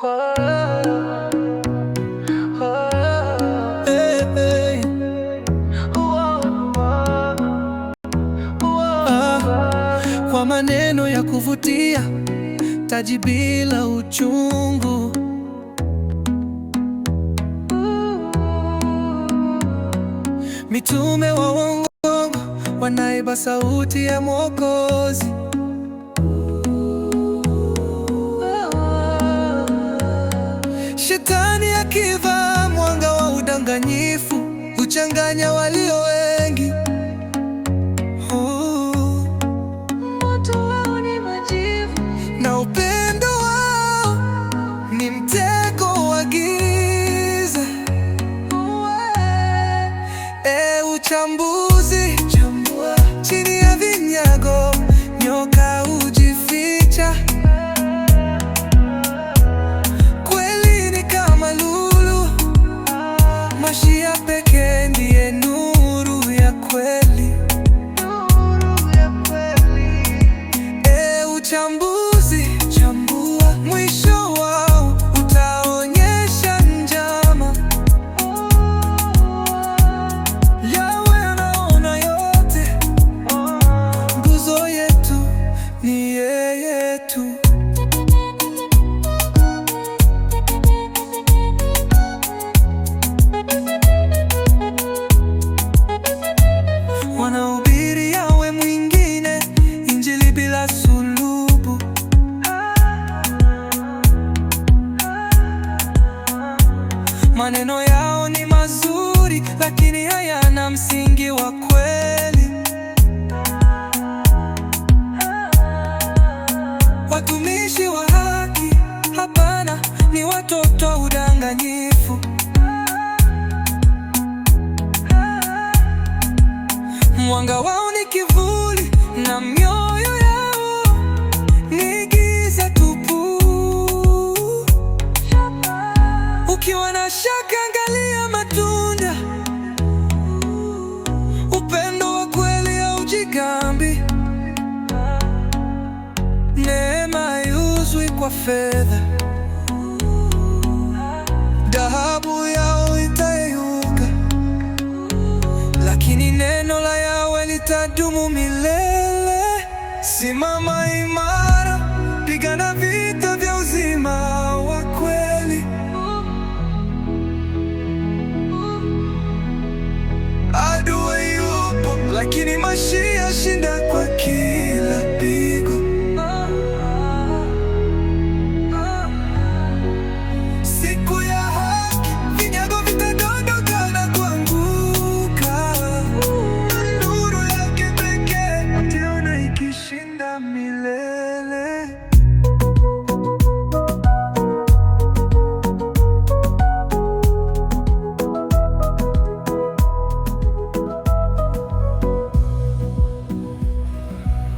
Kwa maneno ya kuvutia, taji bila uchungu mitume wa uongo wanaiba sauti ya Mwokozi. Shetani akivaa mwanga wa udanganyifu huchanganya walio wengi. Oh. moto wao ni majivu na upendo wao ni mtego wa giza. E, uchambuzi Mashia pekee ndiye nuru ya kweli, nuru ya kweli. E, uchambu Maneno yao ni mazuri, lakini hayana msingi wa kweli. Watumishi wa haki? Hapana, ni watoto udanganyifu. Mwanga wao ni kivuli na mioyo yao ni giza tupu. Ukiwa na shaka wa dhahabu yao itayeyuka, lakini neno la Yahweh litadumu milele. Simama imara, pigana vita vya uzima wa kweli. Adui yupo, lakini Mashiach